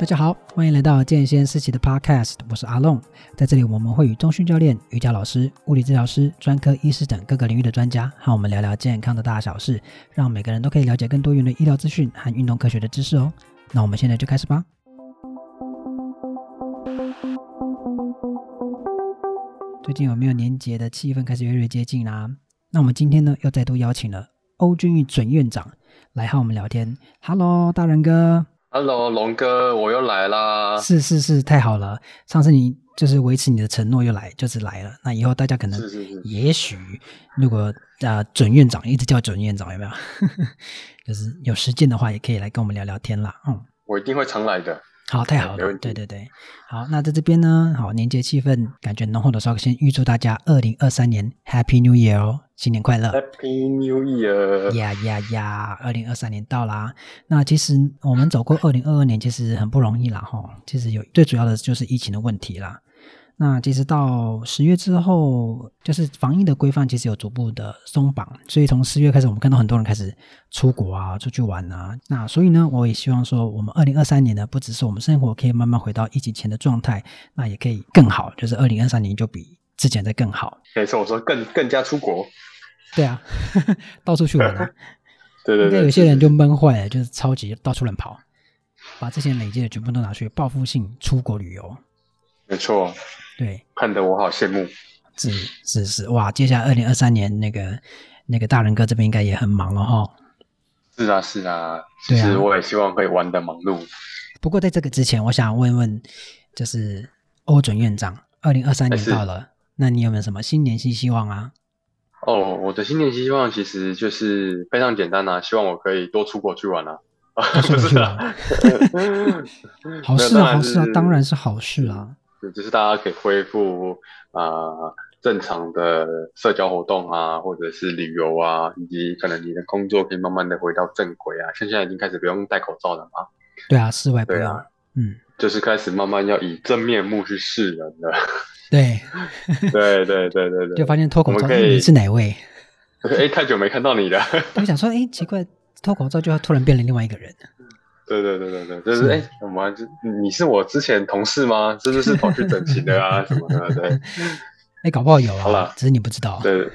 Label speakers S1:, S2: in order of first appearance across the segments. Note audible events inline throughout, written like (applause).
S1: 大家好，歡迎來到健先思齊的 Podcast，我是阿龍。在這裡，我們會與重訓教練、瑜伽老師、物理治療師、專科醫師等各個領域的專家，和我們聊聊健康的大小事，讓每個人都可以了解更多元的醫療資訊和運動科學的知識哦。那我們現在就開始吧。最近有沒有年節的氣氛開始越來越接近啦、啊？那我們今天呢，又再度邀請了歐峻邑準院長來和我們聊天。Hello，大仁哥。
S2: 哈嘍，Hello，龍哥，我又來啦！是是
S1: 是，太好了！上次你就是維持你的承諾又來，就是來了。那以後大家可能，也許如果啊、呃，準院長一直叫準院長，有沒有？ (laughs) 就是有時間的話，也可以來跟我們聊聊天啦。嗯，
S2: 我一定會常來的。
S1: 好，太好了，對對對，好，那在這邊呢，好，年節氣氛感覺濃厚的時候，先預祝大家二零二三年 Happy New Year 哦，新年快樂，Happy New Year，呀呀呀，二零二三年到啦，那其實我們走過二零二二年，其實很不容易啦哈，其實有最主要的就是疫情的問題啦。那其實到十月之後，就是防疫的規範其實有逐步的鬆綁，所以從十月開始，我們看到很多人開始出國啊，出去玩啊。那所以呢，我也希望說，我們二零二三年呢，不只是我們生活可以慢慢回到疫情前的狀態，那也可以更好，就是二零二三年就比之前的更好。沒錯，我說更更加出國，對啊， (laughs) 到處去玩啊。 (laughs) 對，對，對對對，那有些人就悶壞了，就是超級到處亂跑，把這些累積的全部都拿去報復性出國旅遊。
S2: 沒錯。對，看得我好羨慕。
S1: 是是是，哇！接下來二零二三年，那個那個大仁哥這邊應該也很忙了、哦、哈、
S2: 哦啊。是啊是啊，其實我也希望可以玩得忙碌。
S1: 不過在這個之前，我想問問，就是歐准院長，二零二三年到了，是那你有沒有什麼新年新希望啊？
S2: 哦，我的新年新希望其實就是非常簡單啊，希望我可以多出國去玩啊。玩 (laughs) 不是
S1: 出好事啊好事啊，當然是好事啊。
S2: 就是大家可以恢復啊、呃、正常的社交活動啊，或者是旅遊啊，以及可能你的工作可以慢慢的回到正軌啊。像現在已經開始不用戴口罩了嗎？
S1: 對啊，室外不用、啊、嗯，
S2: 就是開始慢慢要以真面目去示人了。對，對對對對對。 (laughs) 就發現脫口罩、欸、你是哪位？k、okay, 欸、太久沒看到你了。
S1: (laughs) 我想說，哎、欸，奇怪，脫口罩就要突然變了另外一個人。
S2: 對對對對對，就是哎，怎麼就你是我之前同事嗎？是不是跑去整形的啊 (laughs) 什
S1: 麼的？對，哎、欸，搞不好有、啊，好了啦，只是你不
S2: 知道。對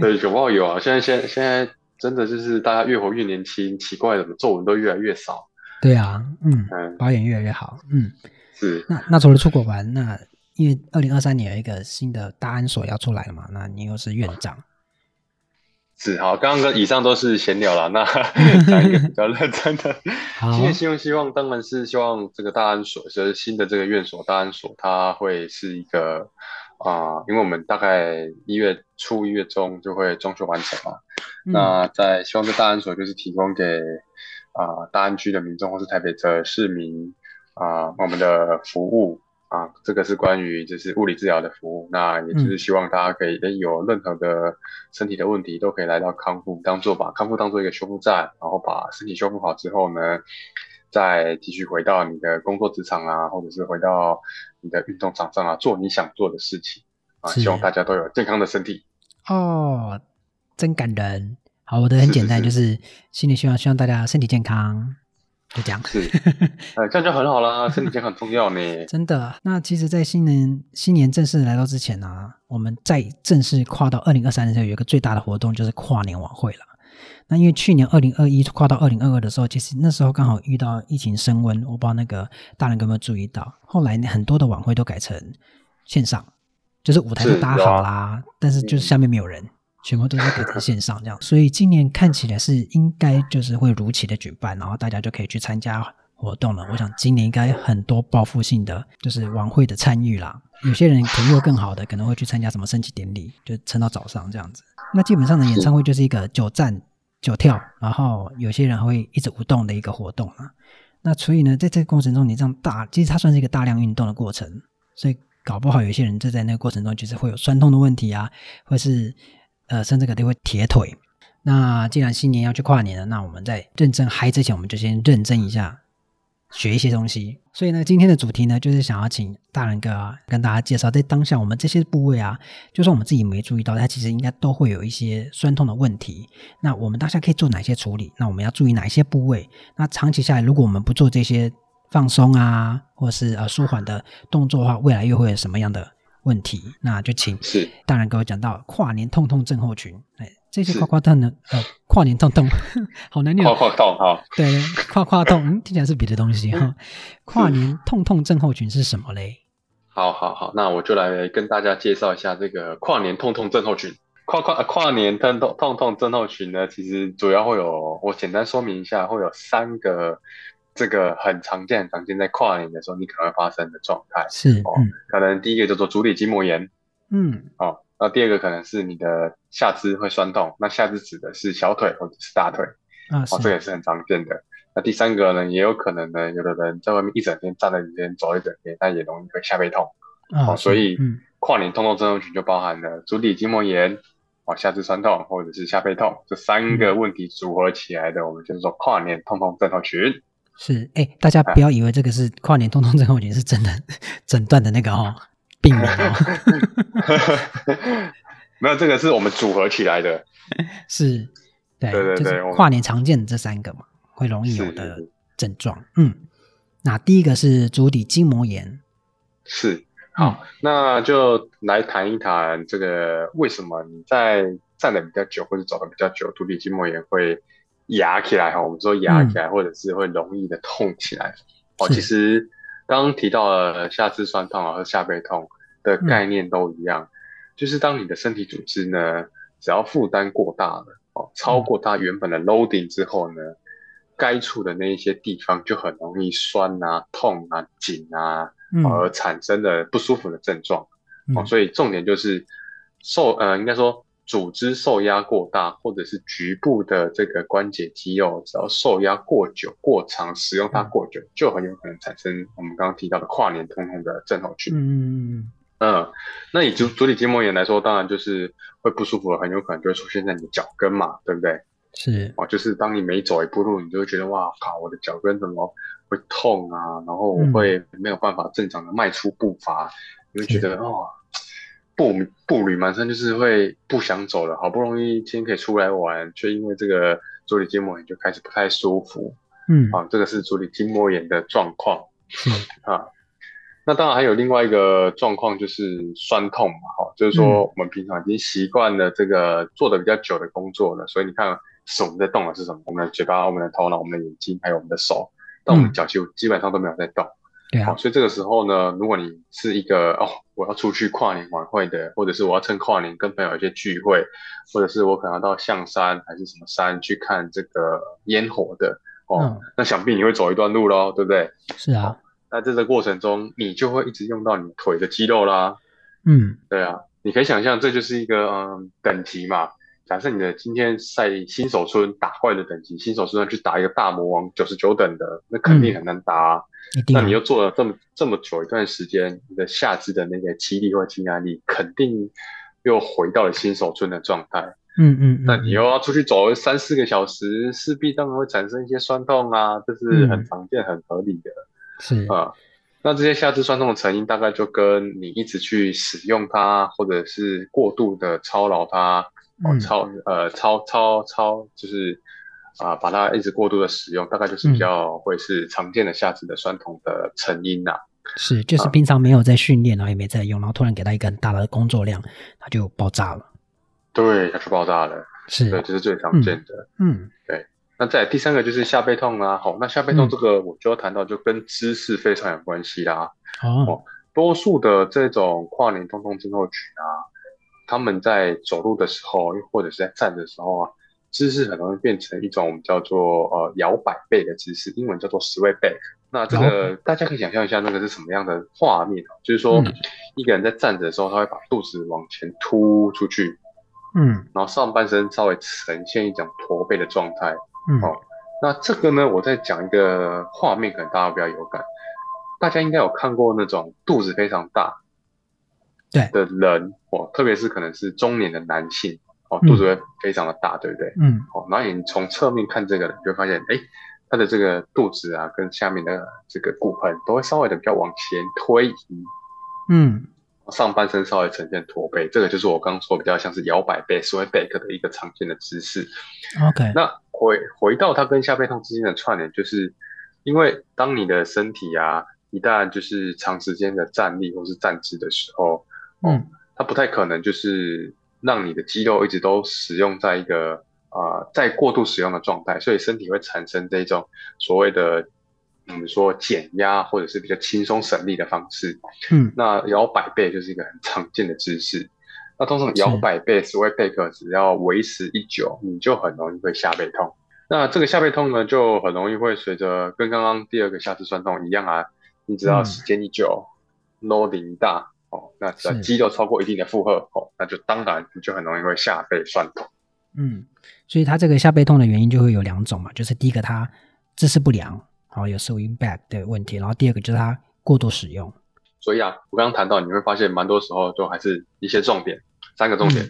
S2: 對，搞不好有啊！現在現現在真的就是大家越活越年輕，奇怪，怎麼皺紋都越來越少？
S1: 對啊，嗯，嗯，保養越來越好，嗯，是。那那除了出國玩，那因為二零二三年有一個新的大安所要出來了嘛？那你又是院長？
S2: 是，好，剛剛跟以上都是閒聊啦，那講一個比較認真的。今年希望，希望當然是希望這個大安所，就是新的這個院所，大安所它會是一個啊、呃，因為我們大概一月初、一月中就會裝修完成嘛。嗯、那在希望這個大安所就是提供給啊、呃、大安區的民眾或是台北的市民啊、呃、我們的服務。啊，這個是關於就是物理治療的服務，那也就是希望大家可以有任何的身體的問題，都可以來到康復當，當做把康復當做一個修復站，然後把身體修復好之後呢，再繼續回到你的工作職場啊，或者是回到你的運動場上啊，做你想做的事情。啊，是希望大家都有健康的身體。
S1: 哦，真感人。好，我的很簡單，就是，是，是，是心裡希望希望大家身體健康。就這樣子，哎，
S2: 這樣就很好了，身體健康很重要呢。真的，
S1: 那其實，在新年新年正式來到之前呢，啊，我們在正式跨到二零二三年的時候，有一個最大的活動就是跨年晚會了。那因為去年二零二一跨到二零二二的時候，其實那時候剛好遇到疫情升溫，我不知道那個大仁哥有沒有注意到，後來很多的晚會都改成線上，就是舞台都搭好啦，是但是就是下面沒有人。嗯全部都是改成線上這樣，所以今年看起來是應該就是會如期的舉辦，然後大家就可以去參加活動了。我想今年應該很多報復性的就是晚會的參與啦，有些人可能又更好的可能會去參加什麼升旗典禮，就撐到早上這樣子。那基本上的演唱會就是一個久站久跳，然後有些人會一直舞動的一個活動啊。那所以呢，在這個過程中，你這樣大其實它算是一個大量運動的過程，所以搞不好有些人就在那個過程中就是會有酸痛的問題啊，或是。呃，甚至可能會鐵腿。那既然新年要去跨年了，那我們在認真嗨之前，我們就先認真一下，學一些東西。所以呢，今天的主題呢，就是想要請大仁哥啊跟大家介紹，在當下我們這些部位啊，就算我們自己沒注意到，它其實應該都會有一些酸痛的問題。那我們當下可以做哪些處理？那我們要注意哪一些部位？那長期下來，如果我們不做這些放鬆啊，或是呃舒緩的動作的話，未來又會有什麼樣的？問題，那就請是，當然跟我講到跨年痛痛症候群，哎，這些跨跨痛的，是呃，跨年痛痛，呵呵好難念，跨跨痛哈、哦、對，跨跨痛， (laughs) 嗯，聽起來是別的東西哈，跨年痛痛症候群是什麼嘞？
S2: 好好好，那我就來跟大家介紹一下這個跨年痛痛症候群，跨跨跨年痛痛痛症候群呢，其實主要會有，我簡單說明一下，會有三個。這個很常見，常見，在跨年的時候你可能會發生的狀態是、嗯、哦，可能第一個叫做足底筋膜炎，嗯，哦，那第二個可能是你的下肢會痠痛，那下肢指的是小腿或者是大腿，啊，
S1: 是啊哦，這也
S2: 是很常見的。那第三個呢，也有可能呢，有的人在外面一整天站在一天，走一整天，但也容易會下背痛，啊，哦、是所以跨年痛痛症候群就包含了足底筋膜炎、嗯、哦下肢痠痛或者是下背痛這三個問題組合起來的，我們就是說跨年痛痛症候群。
S1: 是，哎，大家不要以為這個是跨年痛痛症候群是真的、啊、診斷的那個哦，病人哦，
S2: (laughs) (laughs) 沒有，這個是我們組合起來的，是，對，對對對，就是跨
S1: 年常見的這三個嘛，們會容易有的症狀，是是是嗯，那第一個是足底筋膜炎，
S2: 是，好，那就來談一談這個為什麼你在站的比較久或者走的比較久，足底筋膜炎會壓起來哈，我們說壓起來，或者是會容易的痛起來哦。嗯、其實剛剛提到了下肢痠痛啊和下背痛的概念都一樣，嗯、就是當你的身體組織呢，只要負擔過大了哦，超過它原本的 loading 之後呢，嗯、該處的那一些地方就很容易痠啊、痛啊、緊啊，而產生的不舒服的症狀、嗯、哦。所以重點就是受呃，應該說，組織受壓過大，或者是局部的這個關節肌肉，只要受壓過久、過長，使用它過久，就很有可能產生我們剛剛提到的跨年痛痛的症候群。嗯嗯，那以足足底筋膜炎來說，當然就是會不舒服了，很有可能就會出現在你的腳跟嘛，對不對？是、啊、就是當你每一走一步路，你就會覺得哇靠，我的腳跟怎麼會痛啊？然後我會沒有辦法正常的邁出步伐，你會、嗯、覺得哇。是哦步步履蹣跚，身就是會不想走了。好不容易今天可以出來玩，卻因為這個足底筋膜炎就開始不太舒服。嗯，啊，這個是足底筋膜炎的狀況。嗯、啊，那當然還有另外一個狀況就是痠痛嘛。好，就是說我們平常已經習慣了這個做的比較久的工作了，嗯、所以你看，手在動的是什麼？我們的嘴巴、我們的頭腦、我們的眼睛，還有我們的手，但我們腳就基本上都沒有在動。好、啊哦，所以這個時候呢，如果你是一個哦，我要出去跨年晚會的，或者是我要趁跨年跟朋友一些聚會，或者是我可能要到象山還是什麼山去看這個煙火的哦，哦那想必你會走一段路嘍，對不對？是啊、哦，那在這個過程中你就會一直用到你腿的肌肉啦。嗯，對啊，你可以想象，這就是一個嗯等級嘛。假設你的今天在新手村打怪的等級，新手村去打一個大魔王九十九等的，那肯定很難打。嗯那你又做了這麼這麼久一段時間，你的下肢的那個肌力，或者肌耐力肯定又回到了新手村的狀態。嗯嗯，嗯嗯，那你又要出去走三四個小時，勢必當然會產生一些酸痛啊，這、就是很常見、嗯、很合理的。是啊、呃，那這些下肢酸痛的成因，大概就跟你一直去使用它，或者是過度的操勞它，嗯哦、操呃操操操，操，操，就是。啊，把它一直過度的使用，大概就是比較會是常見的下肢的痠痛的成因啦、啊嗯。
S1: 是，就是平常沒有在訓練後、啊啊、也沒在用，然後突然給他一個很大、大的工作量，它就爆炸了。
S2: 對，它就爆炸了。是，對，這、就是最常見的。嗯，嗯對。那再來第三個就是下背痛啊，好、哦，那下背痛這個我就要談到，就跟姿勢非常有關係啦。哦、嗯，多數的這種跨年痛痛症候群啊，他們在走路的時候，又或者是在站的時候啊。姿勢很容易變成一種我們叫做呃搖擺背的姿勢，英文叫做 sway back。那這個大家可以想象一下，那個是什麼樣的畫面？嗯、就是說一個人在站着的時候，他會把肚子往前凸出去，嗯，然後上半身稍微呈現一種駝背的狀態。嗯、哦，那這個呢，我再講一個畫面，可能大家會比較有感。大家應該有看過那種肚子非常大，對的人，對哦，特別是可能是中年的男性。哦，肚子會非常的大，嗯、對不對？嗯。好。然後你從側面看這個，你會發現，哎，它的這個肚子啊，跟下面的這個骨盆都會稍微的比較往前推移。嗯。上半身稍微呈現駝背，這個就是我剛剛說比較像是搖擺背，所謂貝克的一個常見的姿勢。
S1: OK。那
S2: 回回到它跟下背痛之間的串聯，就是因為當你的身體啊，一旦就是長時間的站立或是站姿的時候，哦、嗯，它不太可能就是。讓你的肌肉一直都使用在一個啊、呃，在過度使用的狀態，所以身體會產生這種所謂的我們說減壓或者是比較輕鬆省力的方式。嗯，那搖擺背就是一個很常見的姿勢。那通常搖擺背是所謂背個只要維持一久，你就很容易會下背痛。那這個下背痛呢，就很容易會隨着跟剛剛第二個下肢酸痛一樣啊，你只要時間一久 load 量、嗯、大。那只要肌肉超過一定的負荷是哦，那就當然你就很容易會下背酸痛。嗯，
S1: 所以它這個下背痛的原因就會有兩種嘛，就是第一個它姿勢不良，然後有 sitting back 的問題，然後第二個就是它過度使用。
S2: 所以啊，我剛剛談到，你會發現蠻多時候都還是一些重點，三個重點，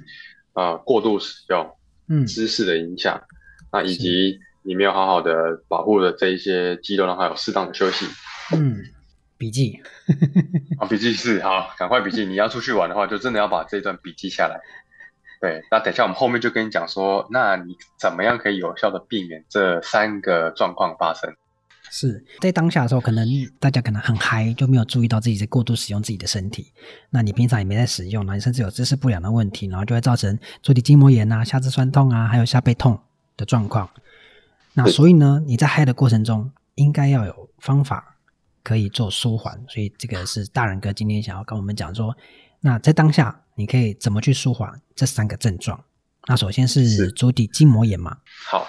S2: 啊、嗯呃，過度使用，嗯，姿勢的影響，那以及你沒有好好的保護的這一些肌肉，讓它有適當的休息，嗯。筆記，啊、 (laughs) 哦，筆記是好，趕快筆記。你要出去玩的話，就真的要把這段筆記下來。對，那等一下我們後面就跟你講說，那你怎麼樣可以有效的避免這三個狀況發生？
S1: 是在當下的時候，可能大家可能很嗨，就沒有注意到自己在過度使用自己的身體。那你平常也沒在使用，然後你甚至有姿勢不良的問題，然後就會造成足底筋膜炎啊、下肢酸痛啊，還有下背痛的狀況。那所以呢，你在嗨的過程中，應該要有方法。可以做舒緩，所以這個是大仁哥今天想要跟我們講說，那在當下你可以怎麼去舒緩這三個症狀？那首先是足底筋膜炎嘛。
S2: 好，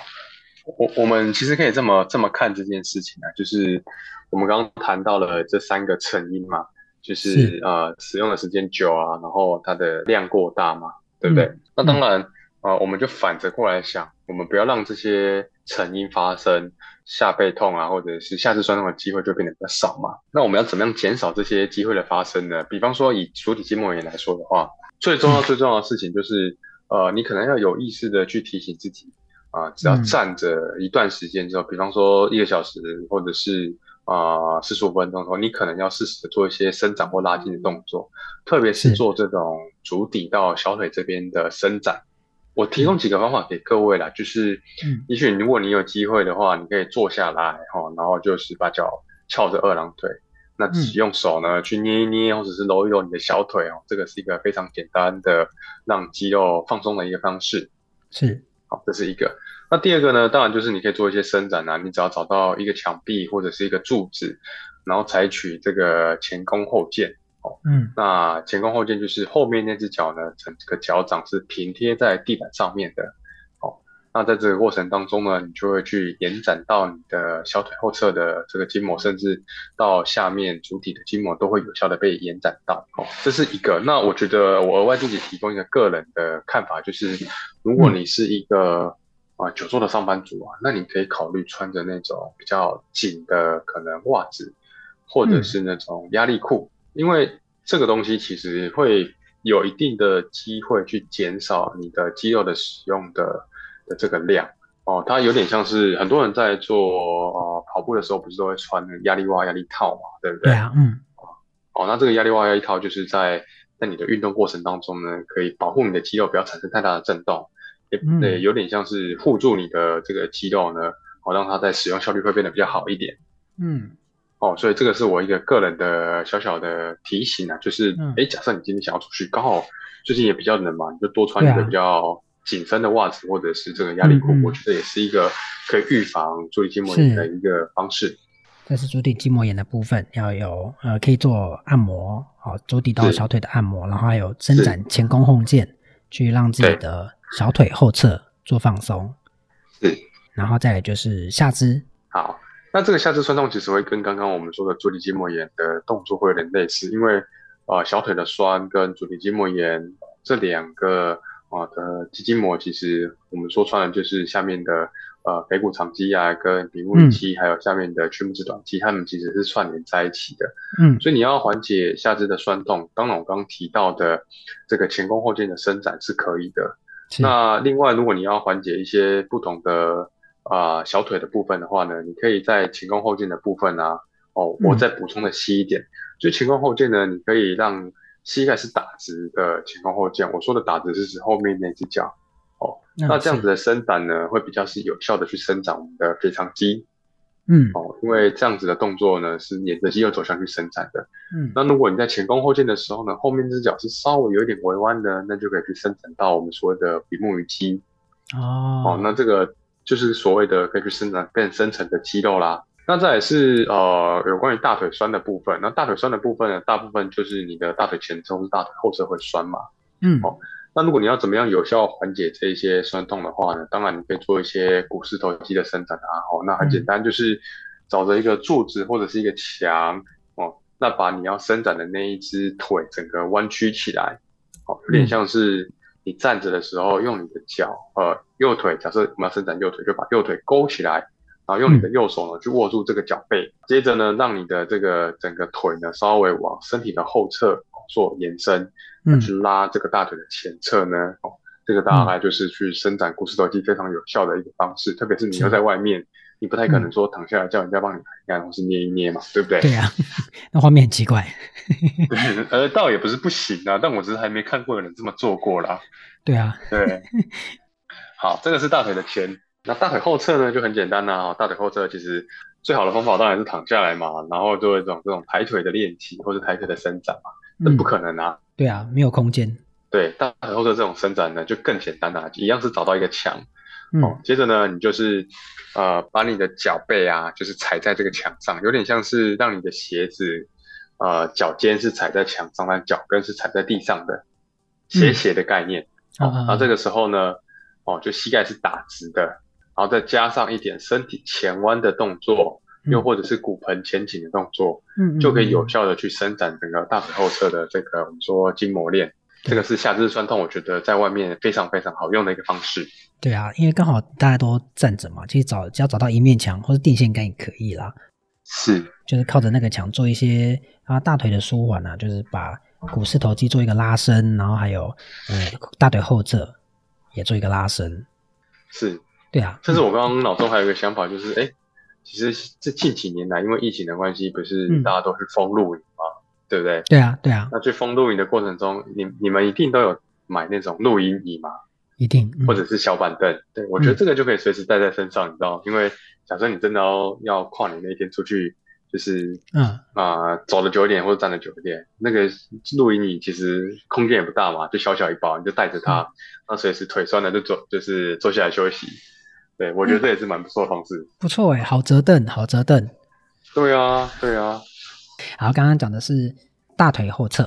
S2: 我我們其實可以這麼這麼看這件事情啊，就是我們剛剛談到了這三個成因嘛，就是，是呃使用的時間久啊，然後它的量過大嘛，對不對？嗯、那當然。嗯啊、呃，我們就反着過來想，我們不要讓這些成因發生，下背痛啊，或者是下肢痠痛的機會就變得比較少嘛。那我們要怎麼樣減少這些機會的發生呢？比方說以足底筋膜炎來說的話，最重要最重要的事情就是，呃，你可能要有意識的去提醒自己，啊、呃，只要站着一段時間之後，嗯、比方說一個小時或者是啊四十五分鐘之後，你可能要適時的做一些伸展或拉筋的動作，嗯、特別是做這種足底到小腿這邊的伸展。我提供幾個方法給各位啦，嗯、就是，嗯，也許如果你有機會的話，你可以坐下來哈，嗯、然後就是把腳翹着二郎腿，嗯、那自己用手呢去捏一捏，或者是揉一揉你的小腿哦，這個是一個非常簡單的讓肌肉放鬆的一個方式。是，好，這是一個。那第二個呢，當然就是你可以做一些伸展啦，你只要找到一個牆壁或者是一個柱子，然後採取這個前弓後箭。哦，嗯，那前弓後箭就是後面那只腳呢，整個腳掌是平貼在地板上面的。哦，那在這個過程當中呢，你就會去延展到你的小腿後側的這個筋膜，甚至到下面足底的筋膜都會有效的被延展到。哦，這是一個。那我覺得我額外自己提供一個個人的看法，就是如果你是一個、嗯、啊久坐的上班族啊，那你可以考慮穿着那種比較緊的可能襪子，或者是那種壓力褲。嗯因為這個東西其實會有一定的機會去減少你的肌肉的使用的的這個量哦，它有點像是很多人在做呃跑步的時候，不是都會穿那壓力襪、壓力套嘛，對不對？對啊，嗯。哦，那這個壓力襪、壓力套就是在在你的運動過程當中呢，可以保護你的肌肉不要產生太大的震動，嗯、也有點像是護住你的這個肌肉呢，好、哦、讓它在使用效率會變得比較好一點。嗯。哦，所以這個是我一個個人的小小的提醒啊，就是，哎、嗯欸，假設你今天想要出去，剛好最近也比較冷嘛，你就多穿一個比較緊身的襪子，或者是這個壓力褲，嗯嗯，我覺得也是一個可以預防足底筋膜炎的一個方式。是，
S1: 這是足底筋膜炎的部分，要有呃，可以做按摩，好，足底到小腿的按摩，是然後還有伸展前弓後箭。是去讓自己的小腿後側做放鬆。是、嗯，然後再來就是下肢，
S2: 好。那這個下肢痠痛其實會跟剛剛我們說的足底筋膜炎的動作會有點類似，因為，呃，小腿的酸跟足底筋膜炎這兩個呃的肌筋膜，其實我們說穿了就是下面的呃腓骨長肌啊跟比目魚肌，還有下面的屈拇趾短肌，嗯、它們其實是串聯在一起的。嗯，所以你要緩解下肢的痠痛，當然我剛提到的這個前弓後箭的伸展是可以的。是那另外，如果你要緩解一些不同的。啊、呃，小腿的部分的話呢，你可以在前弓後箭的部分啊，哦，我再補充的細一點，所以、嗯、前弓後箭呢，你可以讓膝蓋是打直的前弓後箭，我說的打直是指後面那只腳，哦，嗯、那這樣子的伸展呢，是會比較是有效的去伸展我們的腓腸肌，嗯，哦，因為這樣子的動作呢，是沿着肌肉走向去伸展的，嗯，那如果你在前弓後箭的時候呢，後面只腳是稍微有一點微彎的，那就可以去伸展到我們所謂的比目魚肌，哦,哦，那這個。就是所謂的可以去伸展更深層的肌肉啦，那這也是呃有關於大腿痠的部分。那大腿痠的部分呢，大部分就是你的大腿前側或是大腿後側會痠嘛。嗯，好、哦，那如果你要怎麼樣有效緩解這一些痠痛的話呢？當然你可以做一些股四頭肌的伸展啊。好、哦，那很簡單，就是找着一個柱子或者是一個牆、嗯、哦，那把你要伸展的那一隻腿整個彎曲起來，好、哦，有點像是。你站着的時候，用你的腳，呃，右腿，假設我們要伸展右腿，就把右腿勾起來，然後用你的右手呢去握住這個腳背，接着呢，讓你的這個整個腿呢稍微往身體的後側做延伸，去拉這個大腿的前側呢。嗯。哦。這個大概就是去伸展股四頭肌非常有效的一個方式，嗯、特別是你要在外面，嗯、你不太可能說躺下來叫人家幫你排一排，或、嗯、是捏一捏嘛，對不對？對啊，
S1: 那畫面很奇怪 (laughs) 。
S2: 呃，倒也不是不行啊，但我只是還沒看過有人這麼做過啦。對啊，對。 (laughs) 好，這個是大腿的前，那大腿後側呢，就很簡單啊。哈，大腿後側其實最好的方法當然是躺下來嘛，然後做一種這種抬腿的練習或者抬腿的伸展嘛，那不可能啊、嗯。
S1: 對啊，沒有空間。
S2: 對大腿後側這種伸展呢，就更簡單了，啊，一樣是找到一個牆，嗯、接着呢，你就是呃把你的腳背啊，就是踩在這個牆上，有點像是讓你的鞋子，呃腳尖是踩在牆上，但腳跟是踩在地上的，斜斜的概念。好，那這個時候呢，哦，就膝蓋是打直的，然後再加上一點身體前彎的動作，嗯、又或者是骨盆前傾的動作，嗯嗯嗯就可以有效的去伸展整個大腿後側的這個我們說筋膜鏈。這個是下肢痠痛，我覺得在外面非常非常好用的一個方式。
S1: 對啊，因為剛好大家都站着嘛，其實找，只要找到一面牆或者電線桿也可以啦。是，就是靠着那個牆做一些啊大腿的舒緩啊，就是把股四頭肌做一個拉伸，然後還有嗯大腿後側也做一個拉伸。是，對啊。
S2: 甚至我剛剛腦中還有一個想法，就是哎，其實這近幾年來，啊，因為疫情的關係，不是大家都是封路。嗯對不對？
S1: 對啊，對啊。那
S2: 去封露營的過程中，你你們一定都有買那種露營椅嘛？
S1: 一定，嗯、或
S2: 者是小板凳。對、嗯、我覺得這個就可以隨時帶在身上，嗯、你知道？因為假設你真的要要跨年那一天出去，就是嗯啊、呃、走的久一點或者站的久一點，那個露營椅其實空間也不大嘛，就小小一包，你就帶着它，那、嗯、隨時腿痠了就坐，就是坐下來休息。對我覺得這也是蠻不錯的方式。嗯、
S1: 不錯哎，好折凳，好折凳。
S2: 對啊，對啊。
S1: 好，剛剛講的是大腿後側，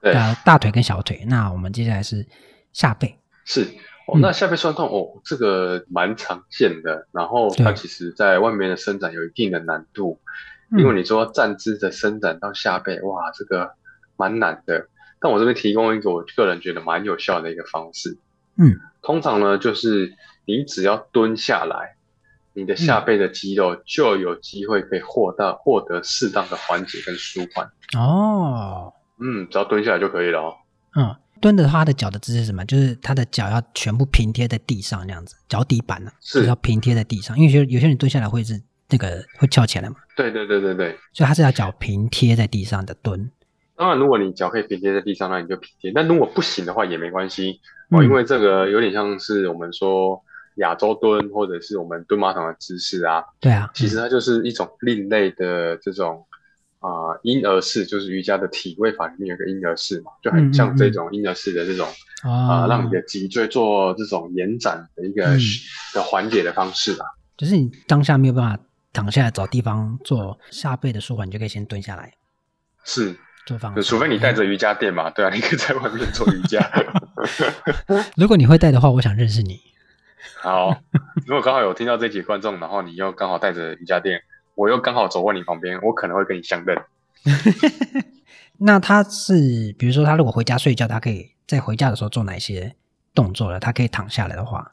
S2: 呃對，
S1: 大腿跟小腿。那我們接下來是下背，
S2: 是、嗯、哦。那下背痠痛哦，這個蠻常見的。然後它其實在外面的伸展有一定的難度，對因為你說站姿的伸展到下背，嗯、哇，這個蠻難的。但我這邊提供一個我個人覺得蠻有效的一個方式，嗯，通常呢就是你只要蹲下來。你的下背的肌肉就有機會被獲到獲得適當的緩解跟舒緩
S1: 哦，
S2: 嗯，只要蹲下來就可以了。
S1: 哦。嗯，蹲的話他的腳的姿勢是什麼？就是他的腳要全部平貼在地上，那樣子腳底板呢，啊，是要平貼在地上，因為有些有些人蹲下來會是那個會翹起來嘛。對對對對對，所以他是要腳平貼在地上的蹲。
S2: 當然，如果你腳可以平貼在地上，那你就平貼；但如果不行的話也沒關係哦，嗯，因為這個有點像是我們說。亞洲蹲，或者是我們蹲馬桶的姿勢啊，對啊，其實它就是一種另類的這種啊嬰兒式，就是瑜伽的體位法裡面有個嬰兒式嘛，就很像這種嬰兒式的這種
S1: 啊，讓你的
S2: 脊椎做這種延展的一個的緩解的方式吧。
S1: 就是你當下沒有辦法躺下來找地方做下背的舒緩，你就可以先蹲下來，
S2: 是做方式，就除非你帶着瑜伽墊嘛，對啊，你可以在外面做瑜伽。
S1: 如果你會帶的話，我想認識你。
S2: 好，如果剛好有聽到這集觀眾，然後你又剛好帶着瑜伽墊，我又剛好走過你旁邊，我可能會跟你相認。
S1: (laughs) 那他是，比如說他如果回家睡覺，他可以在回家的時候做哪些動作呢？他可以躺下來的話。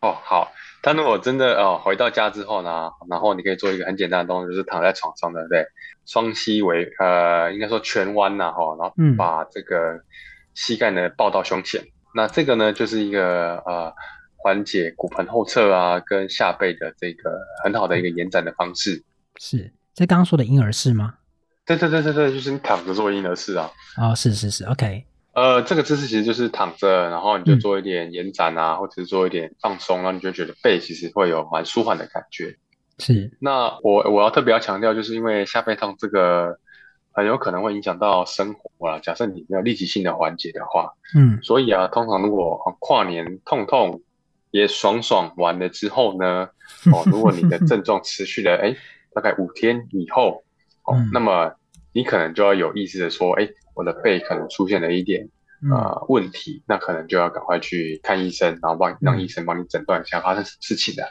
S2: 哦，好，他如果真的哦回到家之後呢，然後你可以做一個很簡單的動作，就是躺在床上的，對不對？雙膝為呃，應該說全彎吶、啊，哈、哦，然後把這個膝蓋呢抱到胸前，嗯、那這個呢就是一個呃。緩解骨盆後側啊，跟下背的這個很好的一個延展的方式，嗯、
S1: 是這剛剛說的嬰兒式嗎？
S2: 對對對對對，就是你躺着做嬰兒式啊。
S1: 哦，是是是，OK。呃，
S2: 這個姿勢其實就是躺着，然後你就做一點延展啊，嗯、或者是做一點放鬆，然後你就覺得背其實會有蠻舒緩的感覺。
S1: 是。
S2: 那我我要特別要強調，就是因為下背痛這個很有可能會影響到生活啊，假設你沒有立即性的緩解的話，嗯，所以啊，通常如果跨年痛痛。也爽爽完了之後呢，哦，如果你的症狀持續了，哎、 (laughs) 欸，大概五天以後，哦，嗯、那麼你可能就要有意識的說，哎、欸，我的背可能出現了一點啊、呃嗯、問題，那可能就要趕快去看醫生，然後幫讓醫生幫你診斷一下發生什麼事情的。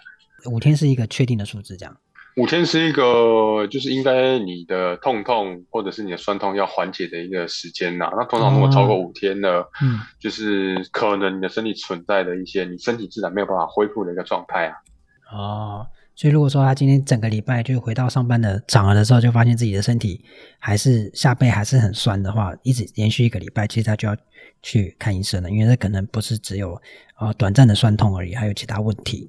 S1: 五天是一個確定的數字，這樣。
S2: 五天是一個，就是應該你的痛痛或者是你的痠痛要緩解的一個時間吶、啊。那通常如果超過五天呢，哦、嗯，就是可能你的身體存在的一些你身體自然沒有辦法恢復的一個狀態啊。
S1: 哦，所以如果說他今天整個禮拜就回到上班的場合的時候，就發現自己的身體還是下背還是很痠的話，一直延續一個禮拜，其實他就要去看醫生了，因為這可能不是只有啊、哦、短暫的痠痛而已，還有其他問題。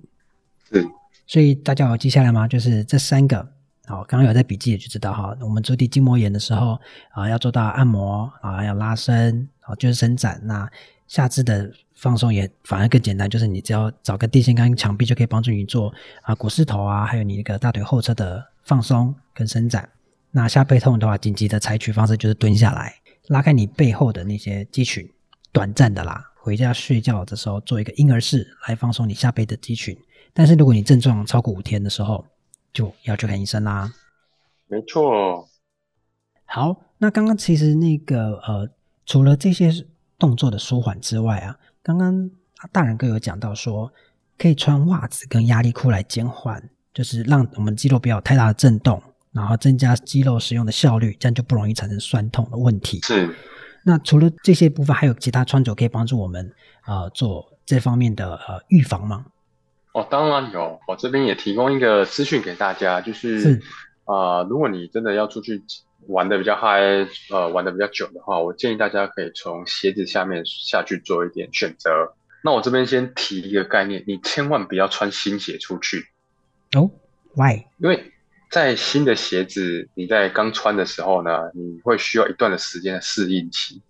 S2: 是、嗯。
S1: 所以大家有記下來嗎？就是這三個，好，剛剛有在筆記也就知道哈。我們足底筋膜炎的時候啊，要做到按摩啊，要拉伸啊，就是伸展。那下肢的放鬆也反而更簡單，就是你只要找個電線桿、牆壁就可以幫助你做啊股四頭啊，還有你那個大腿後側的放鬆跟伸展。那下背痛的話，緊急的採取方式就是蹲下來拉開你背後的那些肌群，短暫的啦。回家睡覺的時候做一個嬰兒式來放鬆你下背的肌群。但是如果你症狀超過五天的時候，就要去看醫生啦。
S2: 沒錯、哦。
S1: 好，那剛剛其實那個呃，除了這些動作的舒緩之外啊，剛剛大仁哥有講到說，可以穿襪子跟壓力褲來減緩，就是讓我們肌肉不要有太大的震動，然後增加肌肉使用的效率，這樣就不容易產生酸痛的問題。是。那除了這些部分，還有其他穿着可以幫助我們啊、呃、做這方面的呃預防嗎？
S2: 哦，當然有，我這邊也提供一個資訊給大家，就是啊是、呃，如果你真的要出去玩的比較嗨，呃，玩的比較久的話，我建議大家可以從鞋子下面下去做一點選擇。那我這邊先提一個概念，你千萬不要穿新鞋出去
S1: 哦。Why？因
S2: 為在新的鞋子，你在剛穿的時候呢，你會需要一段的時間的適應期。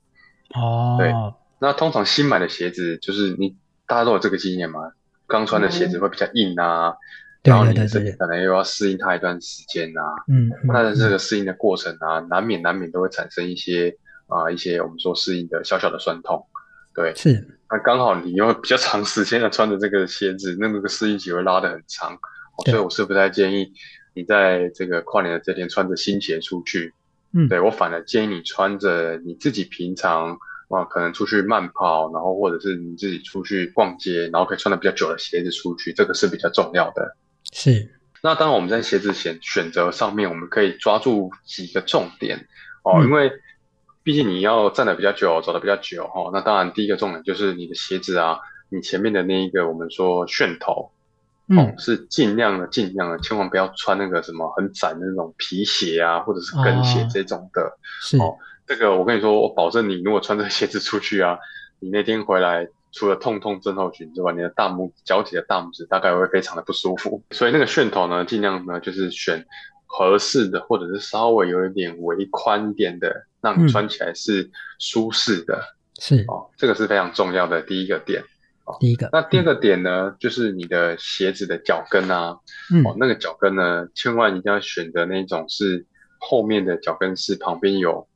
S1: 哦，對，
S2: 那通常新買的鞋子，就是你大家都有這個經驗嗎？剛穿的鞋子會比較硬啊，嗯、
S1: 對對對然
S2: 後你是可能又要適應它一段時間啊，嗯，那這個適應的過程啊，嗯、難免難免都會產生一些啊、嗯呃、一些我們說適應的小小的酸痛，對，是，那剛好你又比較長時間穿的穿着這個鞋子，那那個適應期會拉得很長對、哦，所以我是不太建議你在這個跨年的這天穿着新鞋出去，嗯，對我反而建議你穿着你自己平常。啊、可能出去慢跑，然後或者是你自己出去逛街，然後可以穿的比較久的鞋子出去，這個是比較重要的。是。那當然我們在鞋子選選擇上面，我們可以抓住幾個重點哦，嗯、因為畢竟你要站的比較久，走的比較久哦。那當然第一個重點就是你的鞋子啊，你前面的那一個我們說楦頭，哦，嗯、是盡量的盡量的，千萬不要穿那個什麼很窄的那種皮鞋啊，或者是跟鞋這種的。哦哦、是。哦這個我跟你說，我保證你如果穿這個鞋子出去啊，你那天回來除了痛痛症候群之外，你的大拇腳底的大拇指大概會非常的不舒服。所以那個楦頭呢，儘量呢就是選合適的，或者是稍微有一點圍寬一點的，讓你穿起來是舒適的。是、嗯、哦，是這個是非常重要的第一個點。哦，第一個。那第二個點呢，嗯、就是你的鞋子的腳跟啊，嗯、哦，那個腳跟呢，千萬一定要選擇那種是後面的腳跟是旁邊有。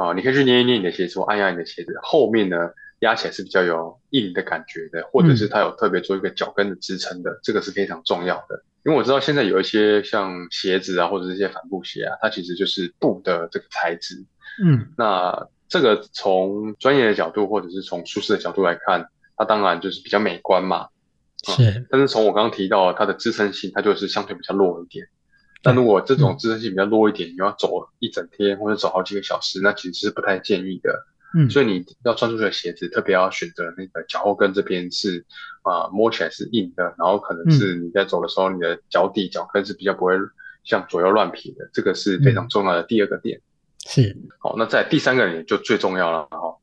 S2: 啊、哦，你可以去捏一捏你的鞋子，或按壓你的鞋子後面呢，壓起來是比較有硬的感覺的，或者是它有特別做一個腳跟的支撐的，嗯、這個是非常重要的。因為我知道現在有一些像鞋子啊，或者是一些帆布鞋啊，它其實就是布的這個材質。嗯，那這個從專業的角度，或者是從舒適的角度來看，它當然就是比較美觀嘛。嗯、是，但是從我剛剛提到的它的支撐性，它就是相對比較弱一點。但如果這種支撐性比較弱一點，你要走一整天，嗯、或者走好幾個小時，那其實是不太建議的。嗯，所以你要穿出去的鞋子，特別要選擇那個腳後跟這邊是啊、呃，摸起來是硬的，然後可能是你在走的時候，嗯、你的腳底腳跟是比較不會向左右亂撇的，這個是非常重要的第二個點。嗯、是，好，那在第三個點就最重要了哈，然後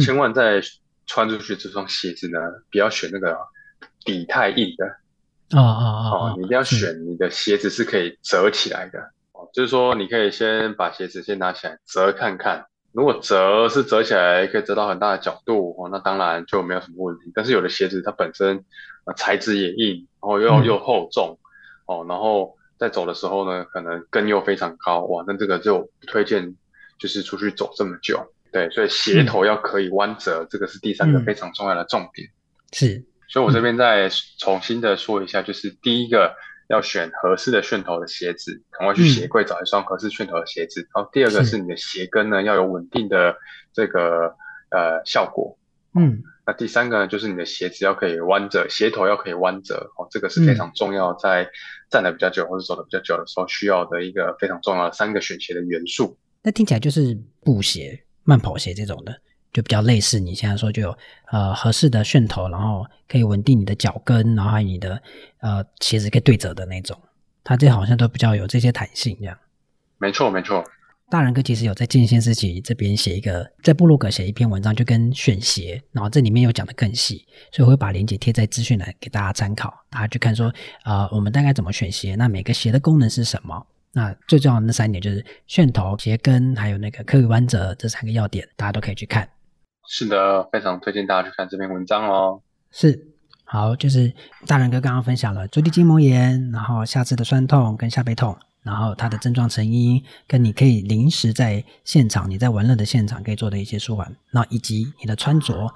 S2: 千萬在穿出去這雙鞋子呢，不要選那個底太硬的。啊哦，哦，你一定要選你的鞋子是可以折起來的哦，是，就是說你可以先把鞋子先拿起來折看看，如果折是折起來可以折到很大的角度哦，那當然就沒有什麼問題。但是有的鞋子它本身、呃、材質也硬，然後又又厚重、嗯、哦，然後在走的時候呢，可能跟又非常高哇，那這個就不推薦，就是出去走這麼久。對，所以鞋頭要可以彎折，嗯、這個是第三個非常重要的重點。嗯嗯、是。所以，我這邊再重新的說一下，就是第一個要選合適的楦頭的鞋子，趕快去鞋櫃找一雙合適楦頭的鞋子。然後第二個是你的鞋跟呢是要有穩定的這個呃效果。嗯，那第三個呢就是你的鞋子要可以彎折，鞋頭要可以彎折，哦，這個是非常重要，在站的比較久或者走的比較久的時候需要的一個非常重要的三個選鞋的元素。
S1: 那聽起來就是布鞋、慢跑鞋這種的。就比較類似，你現在說就有呃合適的楦頭，然後可以穩定你的腳跟，然後還有你的呃鞋子可以對折的那種，它這好像都比較有這些彈性這樣。
S2: 沒錯沒錯，沒錯，
S1: 大仁哥其實有在健先思齊這邊寫一個，在部落格寫一篇文章，就跟選鞋，然後這裡面又講的更細，所以我會把鏈接貼在資訊欄給大家參考，大家去看說啊、呃、我們大概怎麼選鞋，那每個鞋的功能是什麼，那最重要的那三點就是楦頭、鞋跟，還有那個刻意彎折這三個要點，大家都可以去看。
S2: 是的，非常推薦大家去看這篇文章
S1: 哦。是，好，就是大仁哥剛剛分享了足底筋膜炎，然後下肢的痠痛跟下背痛，然後它的症狀成因，跟你可以臨時在現場你在玩樂的現場可以做的一些舒緩，那以及你的穿着，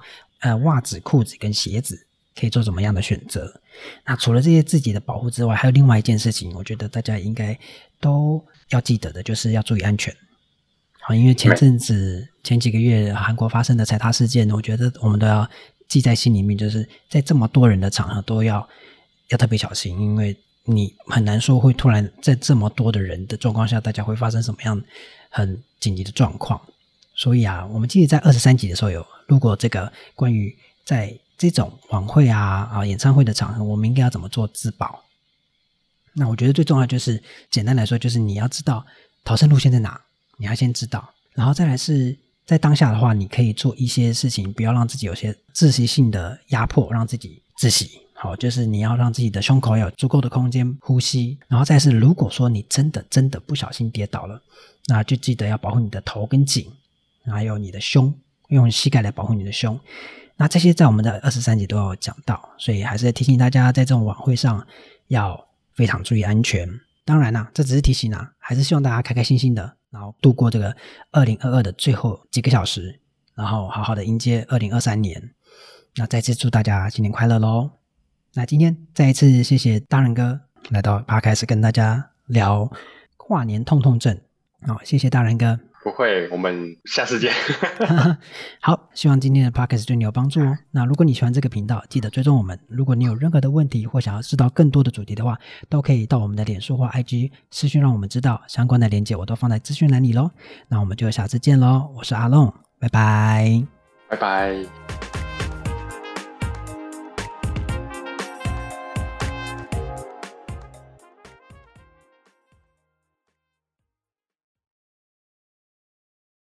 S1: 呃，襪子、褲子跟鞋子可以做怎麼樣的選擇。那除了這些自己的保護之外，還有另外一件事情，我覺得大家應該都要記得的，就是要注意安全。好，因為前陣子、前幾個月韓國發生的踩踏事件，我覺得我們都要記在心裡面，就是在這麼多人的場合都要要特別小心，因為你很難說會突然在這麼多的人的狀況下，大家會發生什麼樣很緊急的狀況。所以啊，我們記得在二十三集的時候有錄過這個關於在這種晚會啊、啊演唱會的場合，我們應該要怎麼做自保？那我覺得最重要就是，簡單來說就是你要知道逃生路線在哪。你要先知道，然後再來是在當下的話，你可以做一些事情，不要讓自己有些窒息性的壓迫，讓自己窒息。好，就是你要讓自己的胸口有足夠的空間呼吸。然後再來是，如果說你真的真的不小心跌倒了，那就記得要保護你的頭跟頸，還有你的胸，用膝蓋來保護你的胸。那這些在我們的二十三集都有講到，所以還是提醒大家，在這種晚會上要非常注意安全。當然啦、啊，這只是提醒啦、啊，還是希望大家開開心心的。然後度過這個二零二二的最後幾個小時，然後好好的迎接二零二三年。那再次祝大家新年快樂嘍！那今天再一次謝謝大仁哥來到 Podcast 跟大家聊跨年痛痛症。好、哦，謝謝大仁哥。
S2: 不會，我們下次
S1: 見。 (laughs) (laughs) 好，希望今天的 podcast 對你有幫助哦。啊、那如果你喜歡這個頻道，記得追蹤我們。如果你有任何的問題或想要知道更多的主題的話，都可以到我們的臉書或 IG 私訊，讓我們知道。相關的連結我都放在資訊欄裡嘍。那我們就下次見嘍，我是阿龍，拜拜，
S2: 拜拜。